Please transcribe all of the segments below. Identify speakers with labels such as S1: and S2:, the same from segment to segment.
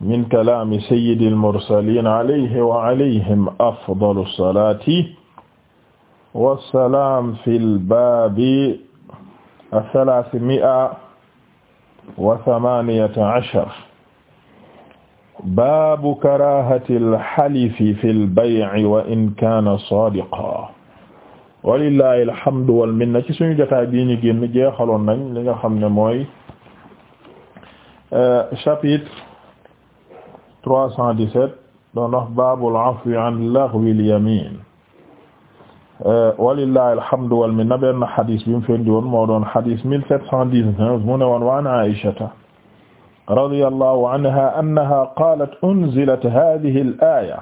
S1: min kalaami sayyidil mursaliin alayhi wa alayhim afdalu salaati wa salaam fil baabi as-salaasimi'a wa samaaniyata ashar baabu karaahatil halifi fil bay'i wa in kaana saadiqan walillahi alhamdu wal minna ci suñu jotaay bii ñu génn jeexaloon nañ li nga xam ne mooy euh, chapitre. 317 doon wax baabul afwi an laghwil yamin euh, walillahi alhamdu wal minna benn xadis bi mu fendi woon moo doon xadis 1719 mu ne woon wa an Aïshata radiyallahu anha annaha qaalat unzilat haadihi al-aaya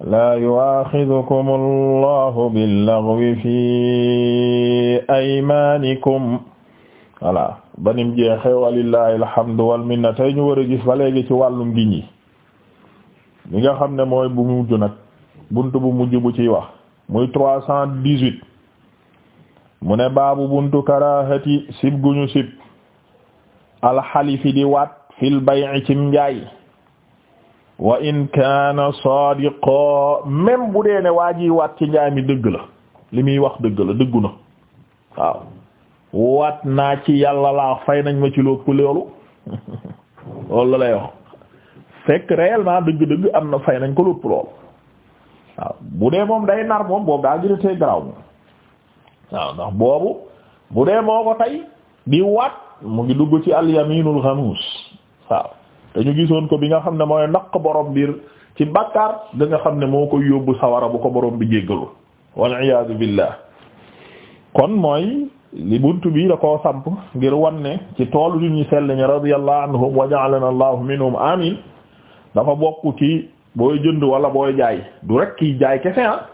S1: laa yu'aaxizukumu allahu bil-laghwi fii aymaanikum voilà banim jeexe walillahi alhamdu wal minna tey ñu war a gis ba léegi ci wàllum giñ yi li nga xam ne mooy bu mujj nag bunt bu mujj bu ciy wax muy trois cent dix-huit mu ne baabu buntu karahati sib guñu sib alxalifi di waat fil bay'i cim njaay wa in kaana sadiqa même bu dee ne waa ji waat ci njaay mi dëgg la li muy wax dëgg la dëggu na waaw waat naa ci yàlla laa fay nañ ma ci lópp loolu loolu la lay wax fekk réellement dëgg-dëgg am na fay nañ ko lépp lool waaw bu dee moom day nar moom boobu daa gënatee garaaw moom waaw ndax boobu bu dee moo ko tey di waat mu ngi dugg ci alyaminul xamuus waaw te ñu gisoon ko bi nga xam ne mooy naq borom biir ci bàkkaar da xam ne moo koy yóbbu sawara bu ko boroom bi jéggalu wal iyaadu billah kon mooy li buntu bi da koo samp ngir wan ne ci toolu li ñu sell ñi radiyallahu anhum wa allahu minhum amin dafa bokk ci booy jënd wala booy jaay du rek kiy jaay kese ah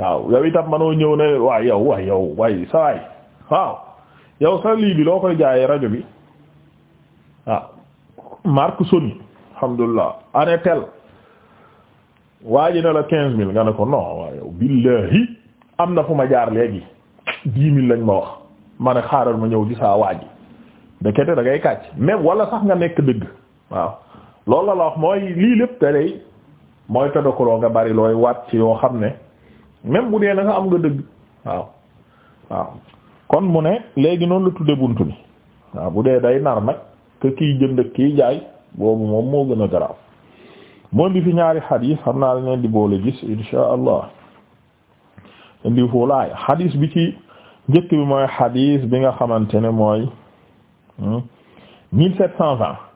S1: waaw yow itam manoo ñëw na waay yow waay yow waay sa waay waaw yow sa lii bi loo koy jaayee rajo bi waaw marque Sony alhamdulilah année telle waaji na la quinze mille nga ne ko non waaw yow billahi am na fu ma jaar léegi dix mille lañ ma wax ma ne xaaral ma ñëw gisaa saa ndekete da ngay kàcc même wala sax nga nekk dëgg waaw lool la la wax mooy lii lépp te day mooy tadakaloo nga bari looy wat ci yoo xam ne même bu dee na nga am nga dëgg waaw waaw kon mu ne léegi noonu la tudde bunt bi waaw bu dee day nar nag que kiy jënd kiy jaay boobu moom moo gën a garaaw moom di fi ñaari xadiis xam naa leen di boole gis insha allah indi foo laay xadiis bi ci njëkk bi mooy xadiis bi nga xamante ne mooy hmm, mille sept cent vingt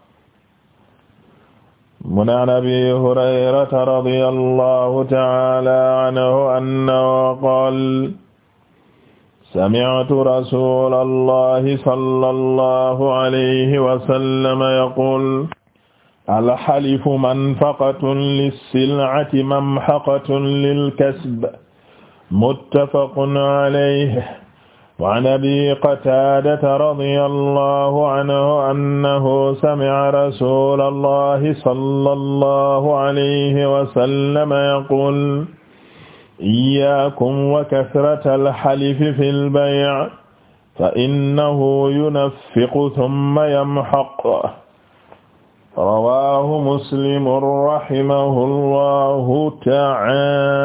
S1: mu ne an abi hurayrata radiya allahu taala anhu annahu qaala sami'tu rasula allahi sallallahu alayhi wa sallam yaqul alxalifu manfaqatun lissil'ati mamhaqatun lilkasb muttafaqun alayhi وعن أبي قتادة رضي الله عنه أنه سمع رسول الله صلى الله عليه وسلم يقول إياكم وكثرة الحلف في البيع فإنه ينفق ثم يمحق رواه مسلم رحمه الله تعالى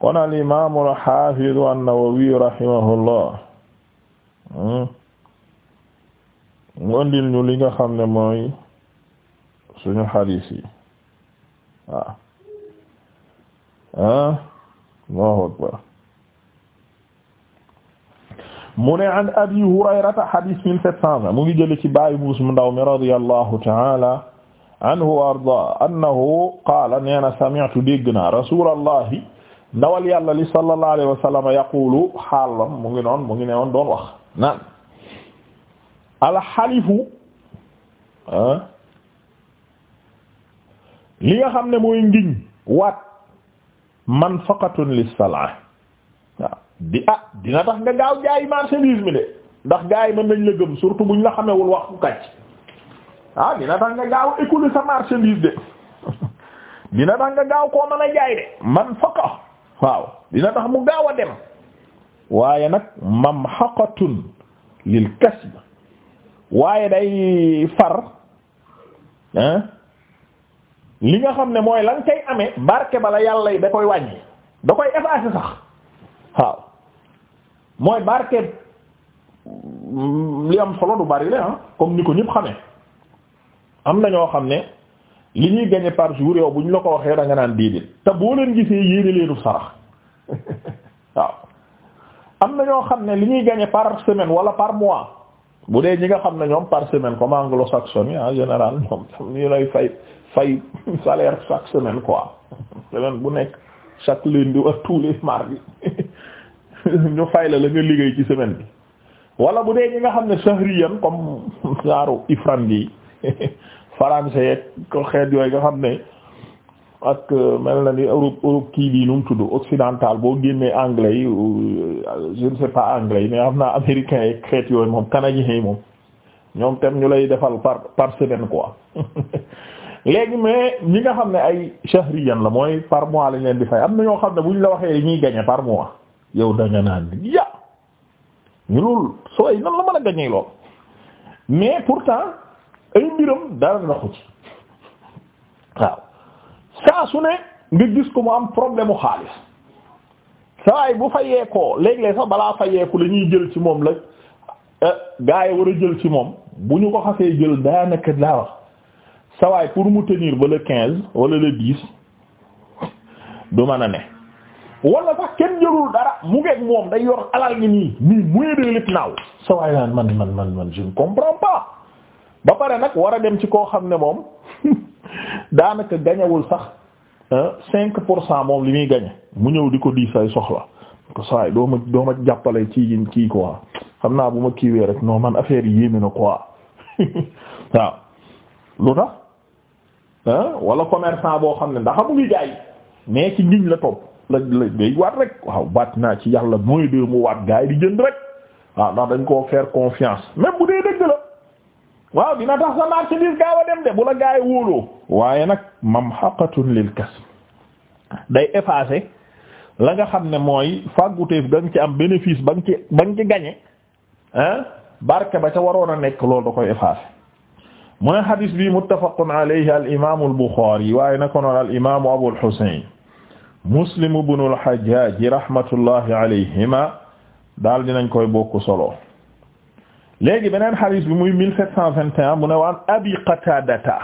S1: kon al imaam al xaafiz an-Nawawi rahimahullah hmm, mu andil ñu li nga xam ne mooy suñu xadiis yi waaw ah Allahu akbar mu ne an abi hurayrata xadiis mille sept cent vingt mu ngi jële ci bàyyi buus mu ndaw mi radiyallahu ta'ala anhu wa ardaa annahu qaala nee na sami'tu dégg naa rasulallahi ndawal yàlla li sallallahu alayhi wa sallam la xaalam mu ngi noon mu ngi newoon doon wax naan alxalifu ah, li nga xam ne mooy ngiñ waat manfaqatun lis-salaa waaw ah dina tax nga gaaw jaay marchandise mi de ndax gars yi mën nañ la gëm surtout ñu la xamewul wax ku kàcc ah dina tax nga gaaw écouler sa marchandise de dina tax nga gaaw koo mën a jaay de manfaqa waaw dina tax mu gaaw a dem waaye nag mamhaqatun lil kasb waaye day far hein li nga xam ne mooy lan kay amee barke bala yàlla yi da koy wàññi da koy effacer sax waaw mooy barke li am solo lu bari la ah comme ni ko ñëpp xamee am na ñoo xam ne. li ñuy gañe par jour yow bu ñu la ko waxee da nga naan déedéet te boo leen gisee yéene leenu sarax waaw am na ñoo xam ne li ñuy gañe par semaine wala par mois bu dee ñi nga xam ne ñoom par semaine comme anglo-saxon yi en général ñoom tam ñu lay fay fay salaire semaine quoi semaine bu nekk chaque lundi wala tous les mardis ñu la la nga liggéey ci semaine bi wala bu dee ñi nga xam ne sahriyaan comme genre ifrandi français yeeg ko xeet yooyu nga xam ne ak euh, mel na ni Europe Europe kii bii nu mu tudd occidental boo génnee anglais yi euh, je ne sais pas anglais yi mais xam naa américains yeeg xeet yooyu moom canadiens yi moom ñoom tam ñu lay defal par par semaine quoi léegi mais ñi nga xam ne ay shahriyan la mooy par mois lañ leen di fay am na ñoo xam ne buñ la waxee ñuy gagner par mois yow da naan ya ñu loolu sooy nan la mën a gagner lool mais pourtant. ay mbiram dara naxu ci waaw saa su ne nga gis ko mu am problème u xaalis sawaay bu fayee koo léeg sax balaa fayeeku la ñuy jël ci moom la eh, gaa yi war a jël ci moom bu ñu ko xasee jël daanaka wax sawaay pour mu tenir ba le quinze wala le dix du mën a ne wala sax kenn jëlul dara mu ngeeg moom day yor alal gi nii nii moyen de naaw sawaay man man man man je pas ba pare nag war a dem ci koo xam ne moom daanaka gañawul sax cinq pour cent moom li muy gañe mu ñëw di ko di say soxla ko saay doo ma doo jàppale ci yiñ kii quoi xam naa bu ma kiiwee rek noo man affaire yi yéeme na quoi waaw lu tax wala commerçant boo xam ne ndax mu ngi jaay mais ci ngiñ la topp la la day waat rek waaw baat naa ci yàlla mooy de mu waat gaay di jënd rek waaw ah, ndax dañ koo faire confiance même bu dee dëgg la waaw dina tax sa marchandise gaaw a dem de bu la gaay wóoloo waaye nag mamhaqatun lil kasb day effacer la nga xam ne mooy fàgguteef ga nga ci am bénéfice ba ci ba nga ci gañe barke ba ca waroon a nekk loolu da koy effacer mu ne xadis bi muttafaqun alayhi al imamu al Buxaari waaye na ko noon Muslim ibnul Hajjaaj rahmatullahi alayhima daal dinañ koy bokk solo léegi beneen xadis bi muy mille sept cent vingt et un mu ne waan abi qatadata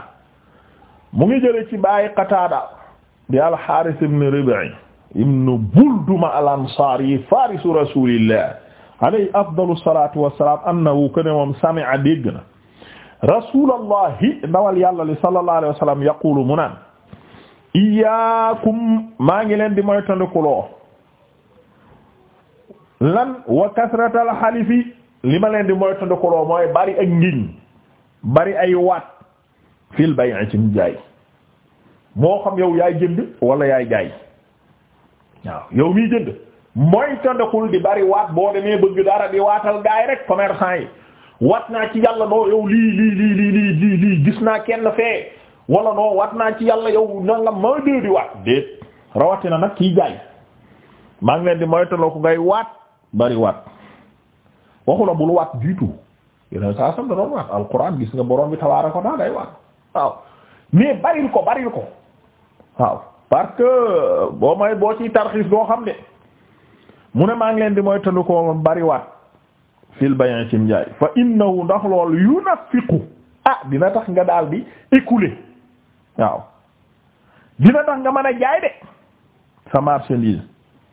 S1: mu ngi jële ci bàyyi qatada bi al-Haaris ibn Rib'i ibn Bulduma al-Ansaari farisu rasulillah alayhi afdalu salatu wassalam annahu kana moom sami'a dégg na rasulallahi ndawal yàlla li sallallahu alayhi wa sallam mu naan maa ngi leen di moytandikuloo lan wa kasratal xalifi li ma leen di mooy tëndakuloo mooy bari ak ngiñ bari ay waat fil bay'i ci jaay moo xam yow yaay jënd wala yaay jaay yow miy jënd mooy tëndakul di bari waat boo demee bëgg dara di waatal gaay rek commerçant yi wat naa ci yàlla noo yow lii lii lii lii lii lii gis naa kenn fee wala noo wat naa ci yàlla yow nangam maa dee di waat déet rawatina nag kii jaay maa ngi leen di moytaloo ko ngay waat bari waat. waxu la bul waat du tout yeneen saa sam da doon waat alquran gis nga boroom bi tabaaraka wa ta'ala day waat waaw mais baril ko baril ko waaw parce que boo may boo ci tarxiis doo xam ne mu ne maa ngi leen di mooy tëndu ko bari waat fil bayan cim njaay fa innahu ndax lool yunafiqu ah dina tax nga daal di écouler waaw dina tax nga man a jaay de sa marchandise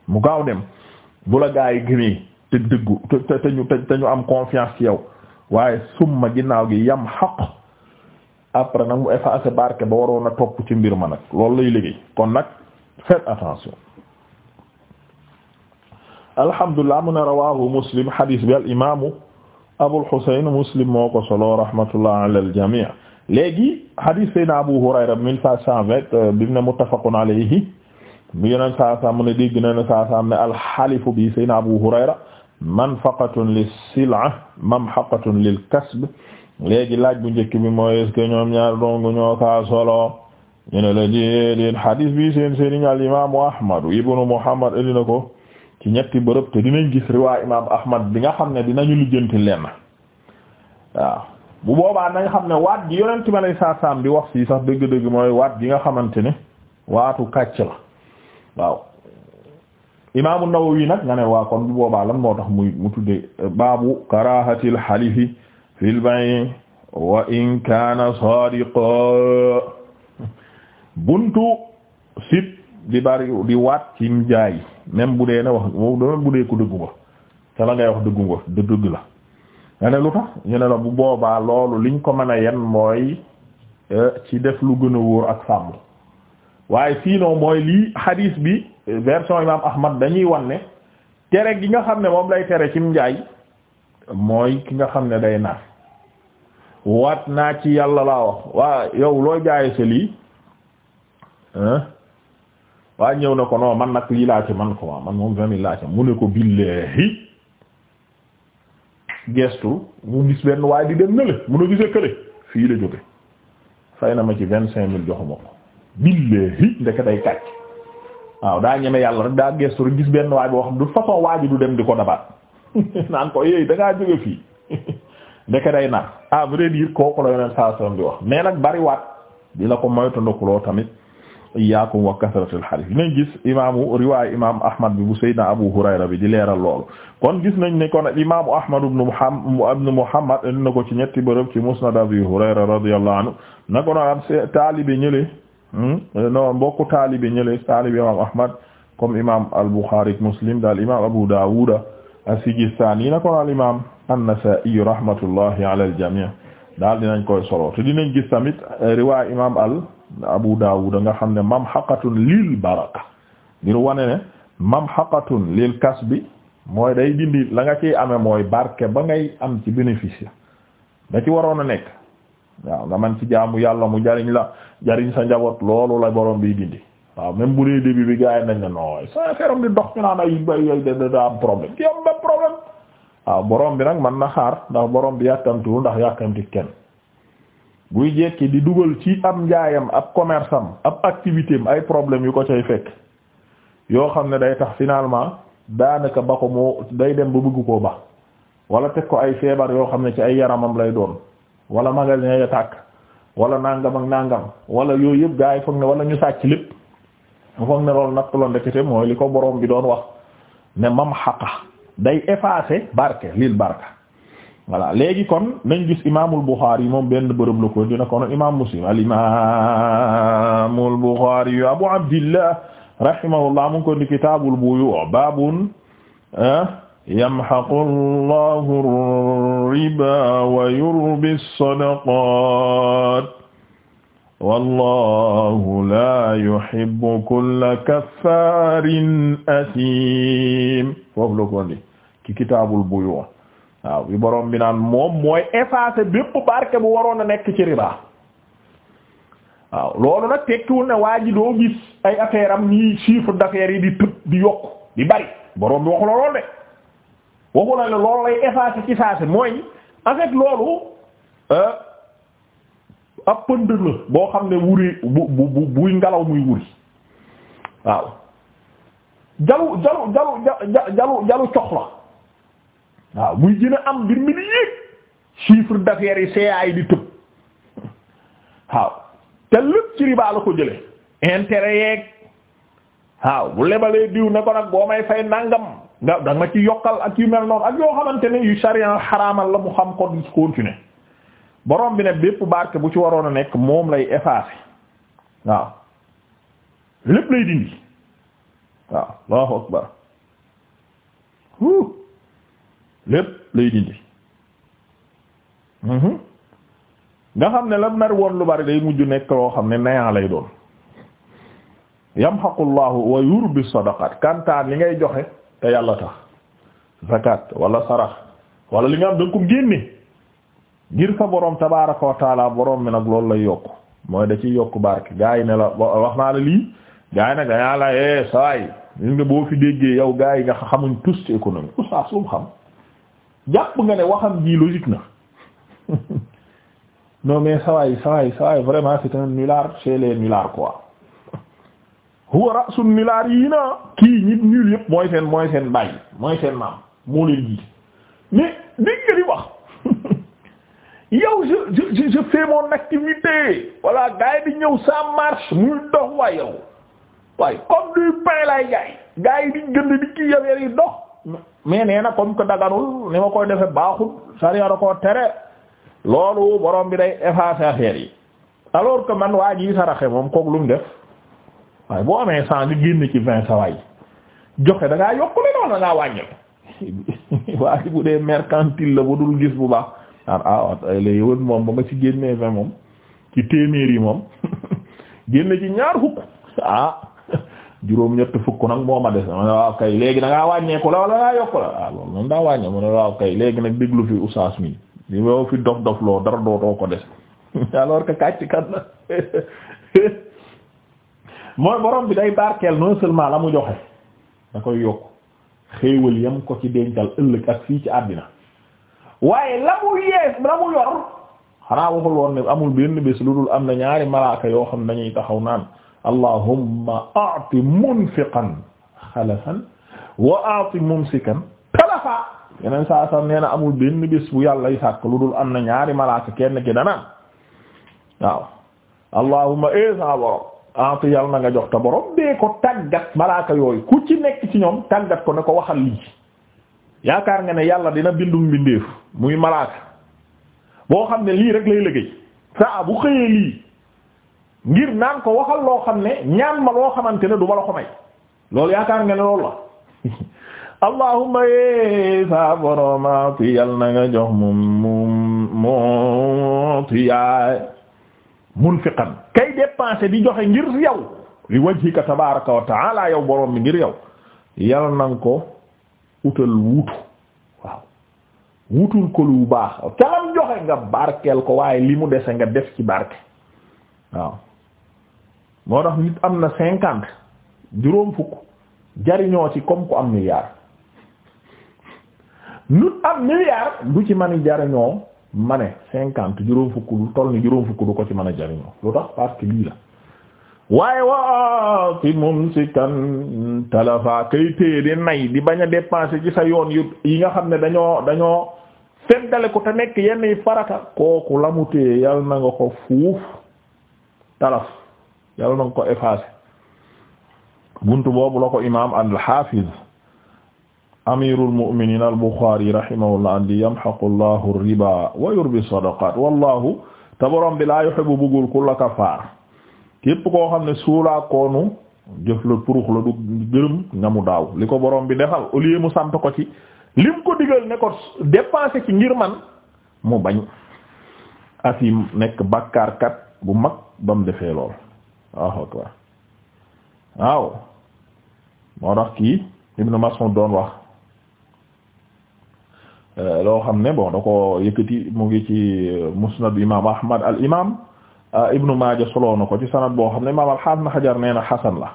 S1: mu gaaw dem bu la gaa yi gëmee te dëggu te te ñu te ñu am confiance ci yow waaye summa ginnaaw gi yam xaq après nag mu effacer barke ba waroon a topp ci mbir ma nag loolu lay liggéey kon nag faites attention alhamdulilah mu ne rawahu muslim hadis bi al imaamu abul husayn muslim moo ko solo rahmatullah ala al jamii léegi hadis sayna abu hurayra mille cinq cent vingt euh, bi mu ne muttafaqun alayhi mu yeneen saa saa mu ne dégg na ne saa saa mu ne alxalifu bi sayna abu hurayra manfaqatun lis-sil'a mamhaqatun lil-kasb léegi laaj bu njëkk bi mooy est-ce ñoom ñaar dong ñoo ka ñu ne la déedéet hadis bi seen sëriñ al imaamu Ahmad ibnu Muhammad indi na ko ci ñetti bërëb te dinañ gis riwaa imaam Ahmad bi nga xam ne dinañu lijjanti lenn waaw bu boobaa nañ xam ne waat gi yonent ma lay saasaam bi wax si sax dëgg-dëgg mooy waat gi nga xamante ne waatu kàcc la waaw. imaamu Nawawi nag nga ne waa kon bu boobaa lan moo tax muy mu tudde eh, baabu karahatil halifi fil bay wa in kaana sadiqa buntu sib di bari di waat ci njaay même bu dee ne wax même bu dee ko dëggu nga ca la ngay wax dëggu nga dëgg la nga ne lu tax ñu la bu boobaa loolu liñ ko mën a yen mooy eh, ci def lu gën a wóor ak sàmm waaye sinon mooy lii hadis bi version imam ahmad dañuy wan ne tere gi nga xam ne moom lay tere cim njaay mooy ki nga xam ne day naan wat naa ci yàlla laa wax waa yow looy jaaye sa lii waa ñëw na ko non man nag yi laa ci man ko man moom vingt mille laa ci mu ne ko billahi gestu mu gis benn waaye di dem nële mun a gise kële fii la jóge fay na ma ci vingt cinq mille joxuma ko billahi ndeke day kàcc waaw daa ñeme yàlla rek daa gestu rek gis benn waay boo xam du façon waa du dem di ko dabaat naan ko yéey da ngaa jóge fii nag day nar à vrai dire kooku la yoneen nag bariwaat di la ko moytandikuloo tamit iyaakum wa kasratul hadith dinañ gis imaamu riwaayu imaamu ahmad bi bu sayyidina abu hurayra bi di leeral loolu kon gis nañ ne kon imaamu ahmad ibn muhammad ibn muhammad indi na ko ci ñetti bërëb ci musnad abi hurayra radiyallahu anhu na ko naan taalibe ñële Hmm? Eh, non mbokku taalibi ñële taalibi imam ahmad comme imam al-Bukhari Muslim daal imam Abu Dawud as-Sijistani na ko al imam an-Nasa'i rahmatullahi ala al-jami' daal dinañ koy solo te dinañ gis tamit eh, riwaay imam al Abu Dawud nga xam ne mamhaqatun lil baraka ngir wane ne mamhaqatun lil kasbi mooy day dindi la nga ciy ame mooy barke ba ngay am ci bénéfice da ci waroon a nekk waaw nga man ci jaamu yàlla mu jariñ la jariñ sa njaboot loolu la boroom bi dindi waaw même bu dee début bi gars yi nañ ne nooy sa feram di dox ñu naan ay bay yooyu da da am problème ki am ba problème waaw boroom bi nag man na xaar ndax borom bi yàkkamtiwul ndax yàkkamti kenn buy jekki di dugal ci am njaayam ab commerce am ab activité am ay problème yu ko cay fekk yoo xam ne day tax finalement daanaka ba ko moo day dem ba bëgg ko ba wala teg ko ay feebar yoo xam ne ci ay yaramam lay doon wala magasin ya tàkk wala nangam ak nangam wala yooyu yëpp gaa yi foog ne wala ñu sàcc lépp foog ne loolu natt la ndekete mooy li ko borom bi doon wax ne mam xaqa day effacer barke lil barka voilà léegi kon nañ gis imaamul Bukhari moom benn bërëb la ko dina kon imaam Muslim al imaamul Bukhari Abu Abdillah rahimahullah mu ngi ko ni kitaabul buyu babun ah yamhaqu allahu riba wa yurbi sadaqat wallahu la yuhibbu kulla kaffarin athim foofu la ko indi ci kitaabul buyu waaw bi boroom bi naan moom mooy effacer bépp barke bu waroon a nekk ci riba waaw loolu nag tekkiwul ne waa ji doo gis ay affaire am nii chiffre d'affaires yi di tëb di yokk di bari boroom bi waxu la lool de waxu la ne loolu lay effacer ci saasi mooy en loolu euh, ab la boo xam ne wuri bu bu buy ngelaw muy wuri waaw jalu jalu jalu jalu jalu cox la waaw muy gën am mbir mi di yéeg chiffre d'affaires yi CA di tëb waaw te lépp ci riba la ko jële intérêt yeeg waaw bu lebalee diw ne ko nag boo may fay nangam nga da ci yokkal ak yu mel noonu ak yoo xamante ne yu sharia xaramal la mu xam ko continuer borom bi ne bépp barke bu ci waroon a nekk moom lay effacer waaw lépp lay dindi mhm. nga xam ne la nar woon lu bari day mujju nekk loo xam ne nayaa lay doon yamhaqullahu wa yurbi sadaqat kantaan li ngay joxe te yàlla tax zakat wala sarax wala li nga am da nga ko génne ngir sa borom tabaaraka wa taala borom mi nag lay yokk mooy da ci yokk barke gaa yi ne la wax naa la lii gaa yi dañaa la eh saa yi boo fi déggee yow gaa yi nga xamuñ tous ci économie oustaz lu mu xam jàpp nga ne waxam ji logique na non mais saa yi saa yi saa yi vraiment c'est un nulard chez les huwa ra'su nilaariyiina kii ñi ñuul yëpp mooy seen mooy seen baay mooy seen maam moo leen jiite mais digg di wax
S2: yow je je je fais activité voilà gars di ñëw ça marche muy dox waaye yow
S1: waaye comme du pain laay jaay gars yi di gënd di kii yowee yi dox mais nee na comme que daganul ni ma koy defe baaxul sariya da koo tere loolu borom bi day effacer affaire yi alors que man waa ji saraxe moom kook lu mu def. waaye boo amee cent nga génn ci vingt sa waay joxe da ngaa yokkule noonu da ngaa wàññil waaye bu dee mercantile la bu dul gis bu baax ah ah léegi woon moom ba ma ci génnee vingt moom ci téeméer yi moom génne ci ñaar fukk ah juróom ñett fukk nag moo ma des ma ne waaw kay léegi da ngaa wàññeeku la wala da ngaa yokku la ah loolu moom daa wàññe ma ne waaw kay léegi nag déglu fi oustaz mi li fi dof dof loo dara dootoo ko des alors que kàcc kan la mooy borom bi day barkeel non seulement la mu joxe da koy yokk xéewal yam ko ci dencal ëllëg ak fii ci àddina waaye la mu
S2: yees la mu yor
S1: xanaa waxul woon ne amul benn bis ludul am na ñaari malaaka yoo xam dañuy taxaw naan allahumma a'ti munfiqan xalafan wa a'ti mumsikan talafa yeneen saa sax nee na amul benn bés bu yàlla y sàkk am na ñaari malaaka kenn ki danaan waaw allahumma esa ante yàlla na nga jox ta borom bee ko tàggat malaaka yooyu ku ci nekk ci ñoom tàggat ko ne ko waxal lii yaakaar nga ne yàlla dina bindum mbindeef muy malaaka boo xam ne lii rek lay liggéey saa bu xëyee lii ngir naan ko waxal loo xam ne ñaan ma loo xamante ne du ma ko may loolu yaakaar nga ne loolu la allahumma yee saa borom ante yàlla na nga jox mu mu mu munfiqan kay dépenser di joxe ngir yow li wajhika tabaraka wa taala yow borom bi ngir yow yàlla nanga ko utal wuutu waaw wutul ko lu baax calam joxe nga barkeel ko waaye li mu dese nga def ci barke waaw moo tax nit am na cinquante juróom fukk jariñoo ci comme ku am milliard nut am milliard du ci mani jariñoo ma ne cinquante juróom fukk lu toll ni juróom fukk du ko ci mën a jariñoo lu tax parce lii la waaye waa fi moom si kan talafa kay téye di nay di bañ a dépenser ci sa yoon yu yi nga xam ne dañoo dañoo feddale ko te nekk yenn yi kooku la mu téye yal na nga ko fuuf talaf yal na nga ko effacer buntu boobu la ko imaam al amirul mu'minin al Bukhari rahimahullah te borom bi laa yuhibbu bëggul kulla kafaar képp koo xam ne suulaa koonu jëf la purux la du gërëm nga mu daaw li ko borom bi defal au mu sant ko ci lim ko digal ne ko dépensé ci ngir man mu bañ asim nekk bàkkaarkat bu mag ba mu defee lool waaw waaw moo tax kii Ibn Mas'ud doon wax Euh, loo xam ne bon da ko yëkkati mu ngi ci euh, musnad imam ahmad al imam euh, ibnu maaja soloo na ko ci sanad boo xam ne imam alxaas na xajar nee na xasan la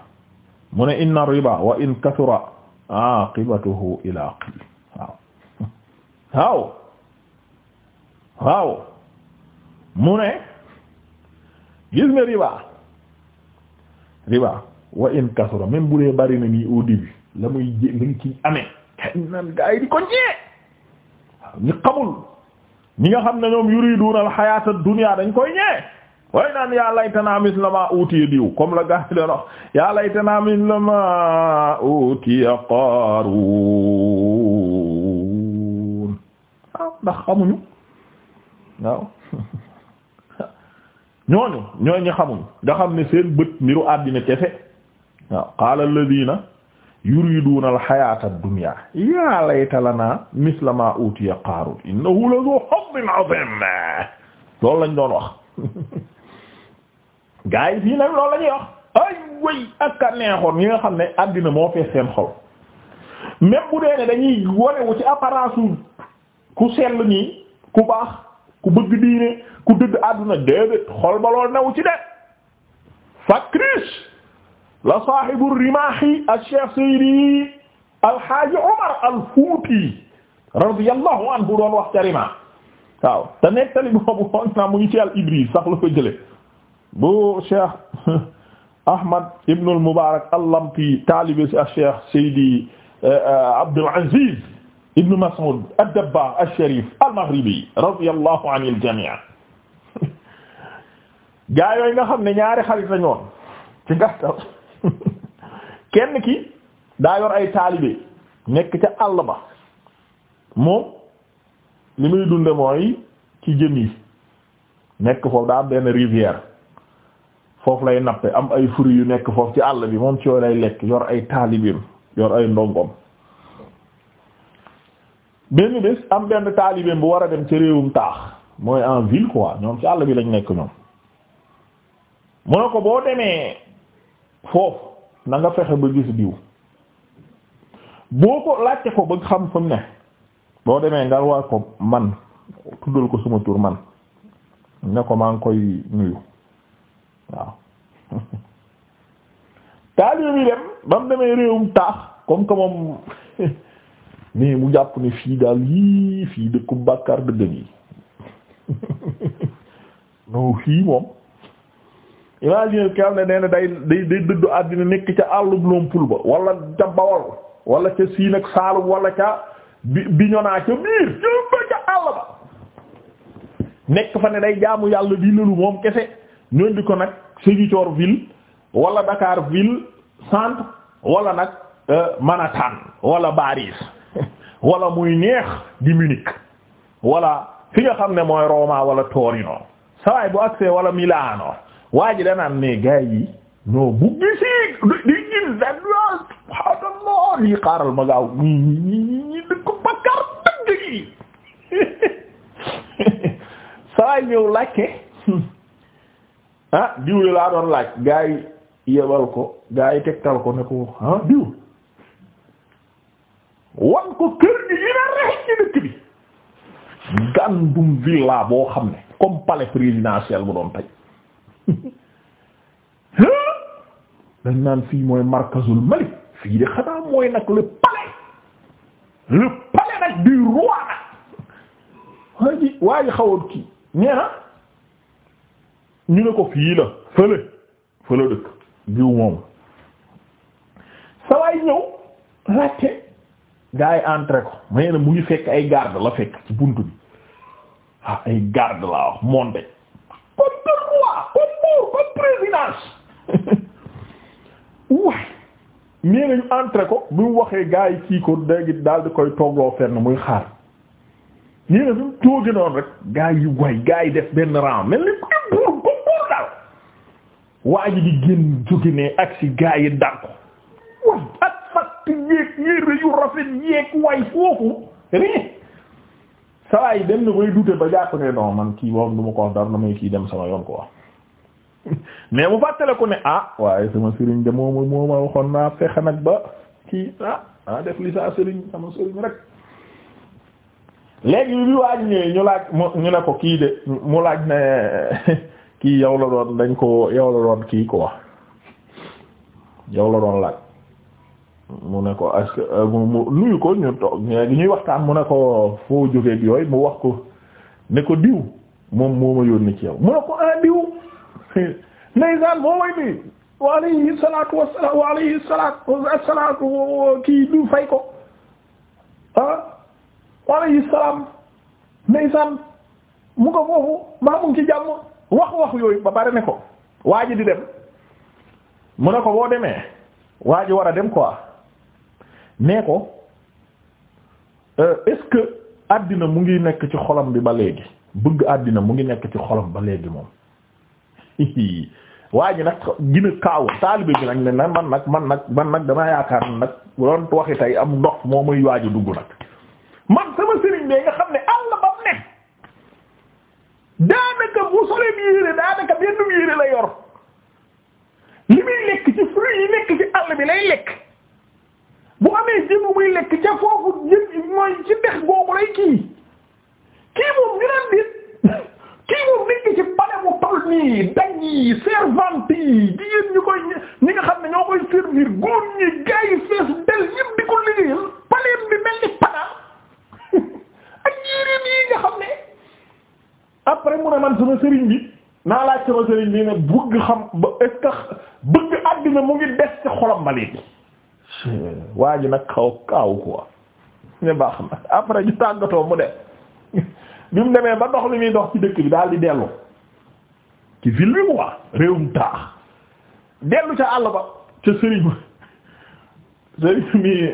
S1: mu ne inna riba wa in kathura aqibatuhu ila qiil waaw waaw waaw mu ne gis nga riba riba wa in kathura même bu dee bari na nii au début la muy jé la nga ci amee xëy na gaa yi di ko ñee ñi xamul ñi nga xam ne ñoom yuriduna al hayata dañ koy ñee way naan yaa laytana misla ma utiya diw comme la gaa yi doon wax yaa laytana misla ma utiya Qaaruun waaw ndax xamuñu waaw ñooñu ñooñu xamuñu nga xam ne seen bët niru àddina kese waaw qaala alladina yuriduuna alxayata addunia yaa layta lana misla ma utiya qaarun innahu la zu hazzin azim loolu lañ doon wax gars yi fii nag loolu la wax ay way ak a neexoon nga xam ne àddina moo fees seen xol même bu dee ne dañuy wonewu ci apparence ku sell nii ku baax
S2: ku bëgg diine ku dëgg àdduna déedéet xol ba loolu newu ci de fakrish la saahibu rimaahi ash-Cheikh Seydi
S1: alhaaji Omar al-Fuuti radiyallahu anhu doon wax ca rimaa waaw te nettali boobu foog naa mu ngi ci al-Ibriz sax la ko jële bu Cheikh Ahmad ibn al-Mubarak al-Lamti taalibe si ash-Cheikh Seydi eh, eh, Abdul Aziz ibn Mas'ud ad-Dabbagh ash-Sharif al-Maghribi radiyallahu anil jamii gaa yooyu nga xam ne ñaari xarit lañu woon ci gàttal kenn ki daa yor ay taalibe nekk ca àll ba moom li muy dunde mooy ci jën yi nekk foofu daa am benn rivière foofu lay nappe am ay fruits yu nekk foofu ci àll bi moom ci yooyu lay lekk yor ay taalibeem yor ay ndongom benn bés am benn taalibeem bu war a dem ci réewum taax mooy en ville quoi ñoom ci àll bi lañ nekk ñoom mu ne ko boo demee foofu nanga fexe ba gis diw boo ko laajte ko ba xam fu ne boo demee nga ko man tuddal ko suma tur man ne ko maa ngi koy nuyu waaw taalibe bi dem ba mu demee réewum taax comme que moom mu jàpp ne fii daal yii fii dëkku bàkkaar dëgg yi non fii moom imagine kel ne nee na day day day dëddu àddina nekk ca àllub lompul ba wala ca bawol wala ca siin ak saalum wala ca bi biñonaa ca biir jëmba ca àll ba nekk fa ne day jaamu yàlla di lëlu moom kese ñoon di ko nag Ziguinchor ville wala Dakar ville centre wala nag euh, Manhattan wala Paris wala muy neex di Munich wala fi nga xam ne mooy Roma wala Torino sawaay bu accès wala Milano waa ji danaan ne gars yi non bu gisee di gis da doon subhaanallah lii xaaral ma gaaw ñi ñi ñi ñi di ko bakkar dëgg yi saa ñëw laajte ah diw laa doon laaj gars yi yebal ko gars yi ko ne ko ah diw wan ko kër gi yi na rex dëkk bi gàndum villa boo xam ne comme palais présidentiel bu doon tey dañ naan fii mooy markazul malik fii de xanaa mooy nag le palais le palais nag du roi nag waa ji waa kii nee ñu ne ko fii la fële fële dëkk diw moom sa ñëw laajte gaa yi entré ko may na mu ngi fekk ay garde la fekk ci buntu bi ah ay garde laa wax monte
S2: présidence
S1: waay nee nañu entré ko bi mu waxee gars yi kii ko déggi daal di koy toogloo fenn muy xaar nee bi mu tooge noonu rek gars yi way gars yi def benn ran mel ni koy buur ko buur ko ba jàpp ne non man kii wax dara na kii dem sama yoon ko wax mais bu fàttaliku ne ah waaye sama sëriñ de moom moom waxoon naa fexe nag ba kii ah ah def li saa sëriñ sama sëriñ rek léegi bi waaj ñëwee ñu laaj ñu ne ko kii de mu laaj ne kii yow la doon dañ ko yow la doon kii quoi yow la doon laaj mu ne ko est-ce euh, mu nuyu ko ñu toog ñuy waxtaan mu ne ko foo jógeeg yooyu mu wax ko ne ko diw moom moo ma yónni ci yow mu ne ko ah diw. ndeysaan moo way bi
S2: wa alayhi salatu wassalam wa alayhi salatu kii du fay ko ah wa alayhi salam nga
S1: foofu maa mu ngi jàmm wax wax yooyu ba bari ne ko waa ji di dem mu ne ko boo demee waa ji war a dem quoi nee ko euh, est que àddina mu ngi nekk ci xolam bi ba léegi bëgg àddina mu ngi nekk ci xolam ba léegi moom waa ji nag gën a kaaw taalibe bi nag man nag man nag man nag damaa yaakaar nag doon waxi tey am ndox moo muy waaj dugg nag
S2: man sama sëriñ bee nga xam ne àll ba mu ne daanaka bu solee bi yére daanaka benn yére la yor li muy lekk ci fruit yi nekk ci àll bi lay lekk bu amee jën muy lekk ca foofu jën mooy ci dex googu lay kii kii moom ñu naan kii moom nekk ci palais bu toll nii dañ yi servante yi jigéen ñu koy ñi nga xam ne ñoo koy servir góor ñi gaa yi fees del yëpp di ko liggéeyal palais mu ne man sama sëriñ bi naa laaj sama sëriñ bi ne bëgg xam ba est ce
S1: bëgg àddina mu ngi des ci xolam ba waa ji nag kaw kaaw quoi ne baax na après ñu tàngatoo mu dem bi mu demee ba dox li muy dox ci dëkk bi daal di dellu ci ville bi quoi réewum taax dellu ca àll ba ca sëriñ ma sëriñ mi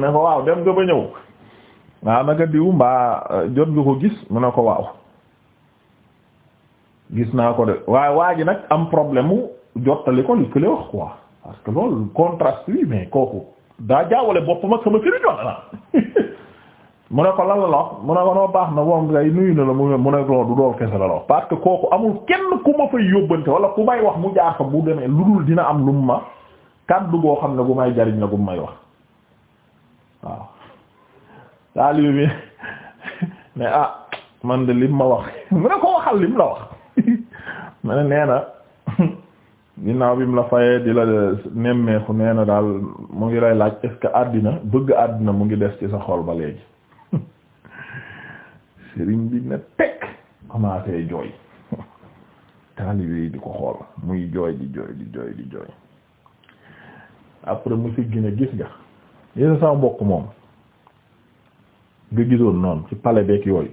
S1: ne ko waaw dem nga ba ñëw waaw naka diw mbaa euh, jot nga ko gis mu ne ko waaw gis naa ko de waaye waa ji nag am problème mu jottali ko li kële wax quoi parce que loolu contraste bi mais kooku daa jaawale boppam ak sama sëriñ walla mu ne ko lan la la wax mu ne ko noo baax na moom ngay nuyu na la mu ne ko du dool kese la la wax parce que kooku amul kenn ku ma fay yóbbante wala ku may wax mu jaar fa bu dina am lu mu ma kàddu goo xam ne bu may jariñ la bu may wax waaw bi ne ah man de lim ma wax mu ne ko waxal lim la wax mu ne nee na ginnaaw bi mu la fayee di la nemmeeku nee na daal mu ngi lay laaj est àddina bëgg àddina mu ngi des ci sa xol ba léegi sëriñ bi na teg commencé jooy taalibe yi di ko xool muy jooy di jooy di jooy di jooy après mu siggi ne gis nga yéen sama mbokk moom nga gisoon noonu ci pale beeg yooyu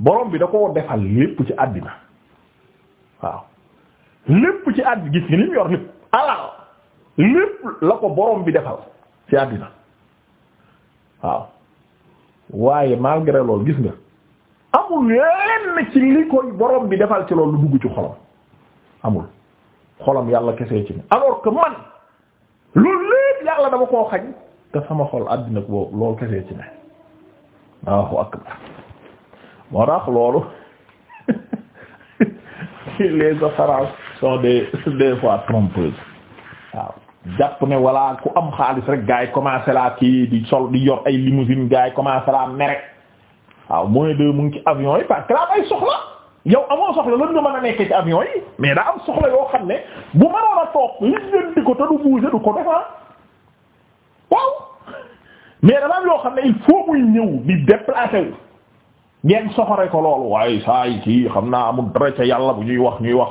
S1: borom bi da ko defal lépp ci àddina waaw lépp ci àddina lépp la ko borom bi defal ci àddina waaw waaye malgré loolu gis nga amul lenn ci li koy borom bi defal ci loolu lu dugg ci xolam amul xolam yàlla kese ci ne alors que man loolu yàlla dama koo xañ te sama xol àddina ko loolu kese ci ne waaw akbar moo tax loolu les apparences sont des des fois trompeuses waaw jàpp ne walla ku am xaalis rek gars yi commencé laa kii di sol di yor ay limousine gars yi commencé laa mere waaw mooy de mu ngi ci avion yi parce que daa am ay soxla yow amoo soxla lan nga mën a nekkee ci avion yi mais daa am soxla yoo xam ne bu
S2: mënoon a toog lijjanti ko te du bouger du ko defar ah.
S1: waaw mais dafa am yoo xam ne il faut muy ñëw di déplacer ngeen soxore ko loolu waaye saa yi kii xam naa amul dara ca yàlla bu ñuy wax ñuy wax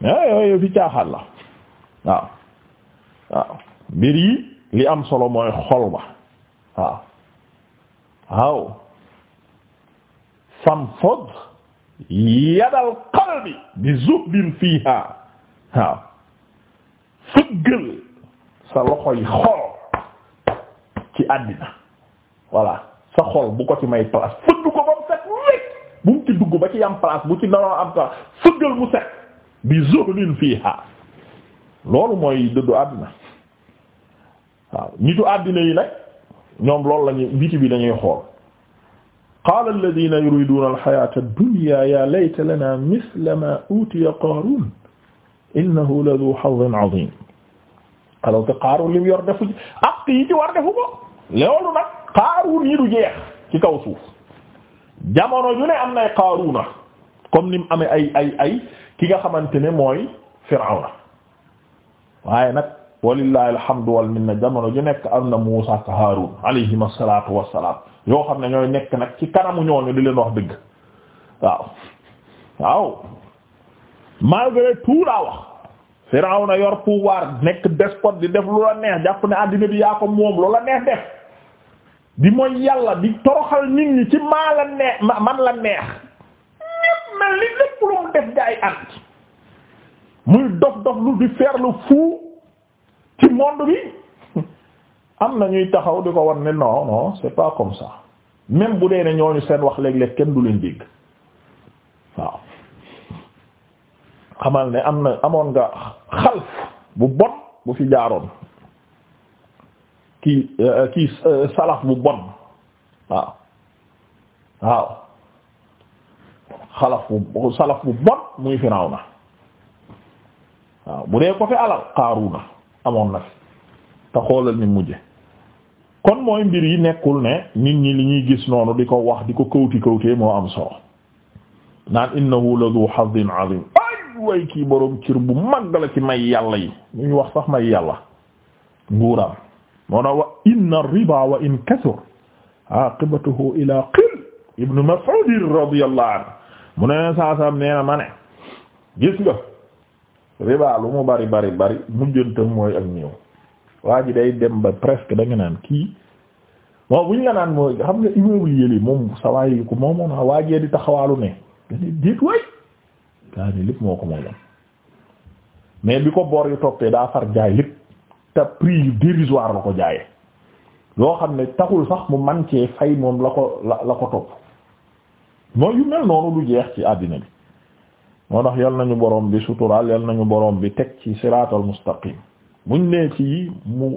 S1: mais yooyu fi caaxaan waaw mbir yi li am solo mooy xol ba waaw waaw fam fod yadal qalbi bi zubbin fiiha waaw fëggal sa loxoy xol ci àddina voilà sa xol bu ko ci may place fëgg ba mu set wécc bu mu ci dugg ba ci am place bu ci nanoo am place mu set bi zuhlin fiiha loolu mooy dëddu àddina waaw nitu àddina yi nag ñoom loolu lañuy biti bi dañuy xool qaala alladina yuriduna alxayata ad-dunya ya layta lana misla ma utiya qaarun innahu la du xadin azim alors que qaarun yor defu ci ak yi ci war defu ko loolu nag qaarun yi du jeex ci kaw suuf jamono ju ne am nay qaaruna comme ni mu amee ay ay ki nga xamante ne mooy firawna waaye nag walillahi alhamdu wal minna jamono ju nekk am na Muusa ak Haarun alayhima salaatu wassalaam yoo xam ne ñooy nekk nag ci kanamu ñooñu di leen wax dëgg waaw waaw malgré tout laa wax Firawna yor pouvoir nekk despote di def lu la neex jàpp ne àddina bi yaa ko moom lu la neex def
S2: di mooy yàlla di toroxal nit ñi ci maa neex man la neex ñépp mel ni lépp lu mu def gaa yi ànd
S1: muy dof dof lu di faire le fou ci monde bi am na ñuy taxaw di ko war ne non c'est pas comme ça même bu dee ne ñooñu seen wax léeg-léeg kenn du leen dégg waaw xamal ne am na amoon nga xalf bu bon bu fi jaaroon kii euh, kii euh, salaf bu bon waaw waaw xalaf bu salaf bu bon muy Firawna waaw bu dee ko fi alal qaaruna amoon na fi te xoolal mujje kon mooy mbir yi nekkul ne nit ñi li ñuy gis noonu di ko wax di ko kawti kawtee moo am solo naan innahu la du hazin azim ay way kii boroom cir bu la ci may yàlla yi ñu wax sax may riba wa in kasur aqibatuhu ila qil ibnu mas'ud radiyallahu anhu mu ne saa saa nee ma ne gis nga riba lu mu bari bari bari mujjantam mooy ak ñëw waa ji day dem ba presque da naan kii moom buñ la naan mooy xam nga immobilier li moom sawaay yi ko moomoon a ah waajee di taxawaalu ne dañuy diit waay gaa ni lépp moo ko moomoon mais bi ko bor yi toppee daa far jaay lépp te prix dérisoire la ko jaayee loo xam ne taxul sax mu man cee fay moom la ko la la ko topp mooy yu mel noonu du jeex ci àddina bi moo tax yal nañu borom bi suturaal yal nañu borom bi teg ci siraatal mustaqim muñ nee ci yi mu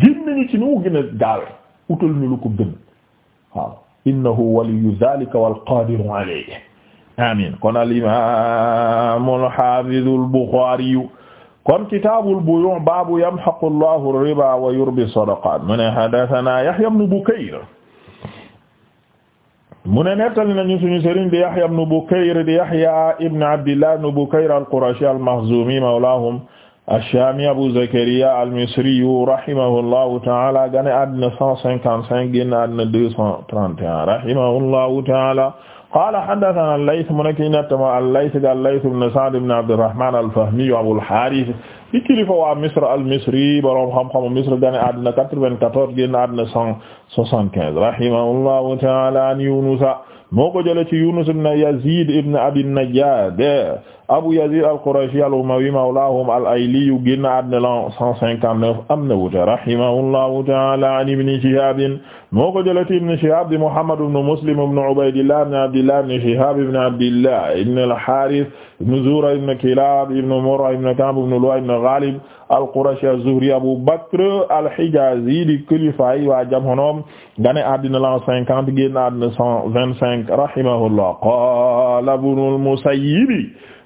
S1: génnañu ci ni mu gën a gaawe utal ñu lu ko gën waaw innahu waliyu dhalika wal qadiru alayhi amin kon al imam al hafiz al bukhari kon kitabul buyu' babu yamhaqu allahu riba wa yurbi sadaqat mu ne hadathana yahya ibn bukayr mu ne nettali nañu suñu sëriñ di Yahya ibn Bukayr di Yahya ibn Abdillah ibn Bukayr al-Qurashi al-Makhzumi mawlahum ash-Shami Abu Zakariya al-Misri rahimahullahu ta'ala gane àddina 155 génn àddina 231 rahimahullahu ta'ala qala haddathana al-Layth mu nekk ñu nettama al-Layth al-Layth ibn Sa'd ibn Abd al-Rahman al-Fahmi Abu al-Harith ci kilifa waa Misr al-Misri borom xam-xamu Misr gane àddina 94 génn àddina 175 rahimahullahu ta'ala an Yunus moo ko jëlee ci Yunus ibn Yazid ibn Abi Najjad Abu Yazid al-Qurashi al-Umawi mawlahum al-Ayli génn àddina la 159 am na wuute rahimahullahu ta'ala an Ibn Shihab moo ko jëlee ci Ibn Shihab di Muhammad ibn Muslim ibn Ubaydillah ibn Abdillah ibn Shihab ibn Abdillah ibn al-Harith ibn Zuhra ibn Kilab ibn Murra ibn Ka'b ibn Lu'ay ibn Ghalib al-Qurashi az-Zuhri Abu Bakr al-Hijazi di kilifaay waa jamonoom génn àddina la 50 génn àddina 125 rahimahullah qala Ibn al-Musayyib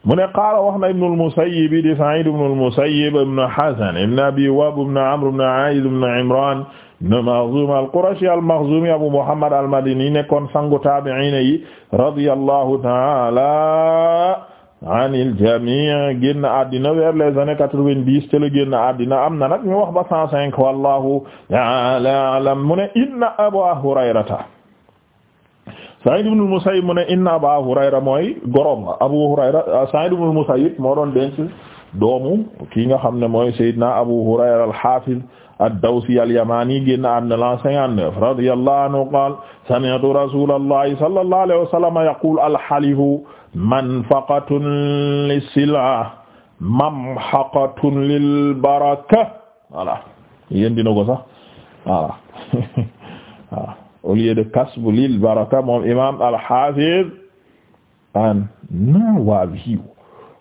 S1: mu ne qaala wax na ibnu al-Musayyib di Sa'id ibnu al-Musayyib ibnu Hasan ibnu Abi Wahb ibnu Amr ibnu A'id ibnu Imran ibnu Makhzum al-Qurashi al-Makhzumi Abu Muhammad al-Madini nekkoon sangu taabi'iin yi radiyallahu ta'ala anil jamii' génn àddina vers les années quatre-vingt-dix te la génn àddina am na nag ñu wax ba cent cinq wallahu ta'ala a'lam mu ne inna Aba Hurayrata Saïd ibn al-Musayyib mu ne inna Aba Hurayra mooy gorom la Abu Hurayra ah, Saïd ibn al-Musayyib moo doon denc doomu kii nga xam ne mooy Seydina Abu Hurayra al-Hafiz ad-Dawsi al-Yamani génn àddina la 59 radiyallahu anhu qaala sami'tu rasulallahi sallallahu alayhi wa sallam yaqulu al-halifu manfaqatun lis-sil'a mamhaqatun lil-baraka voilà yéen dina ko sax voilà waaw au lieu de kasbu lil baraka moom imam al-Hafiz an-Nawawi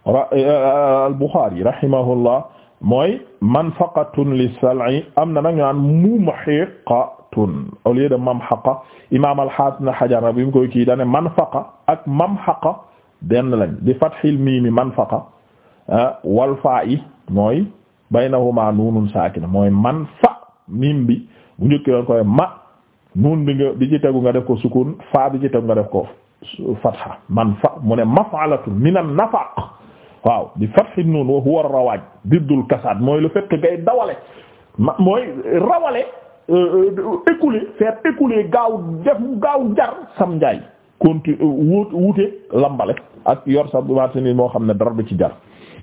S1: euh, euh, al-Bukhari rahimahullah mooy manfaqatun lis-sal'i am na nag ñu naan mumhiqatun au lieu de mamhaqa imam al-Hafiz na xajar bi mu koy kii dane manfaqa ak mamhaqa benn lañ bi fathil mimi manfaqa ah, wal fa'i mooy baynahuma nuunun saakina mooy manfa mim bi bu njëkk koy ma nuun bi nga bi ci tegu nga def ko sukun fa bi ci tegu nga def ko fatha man fa mu ne maf'alatu min an-nafaq waaw bi fathi nuun wa huwa ar-rawaaj diddul kasaad mooy le fait ngay dawale mooy rawale euh, euh, écouler faire écouler gaaw def gaaw jar sam njaay konti euh, wute lambale ak yor sa martini moo xam ne dara du ci jar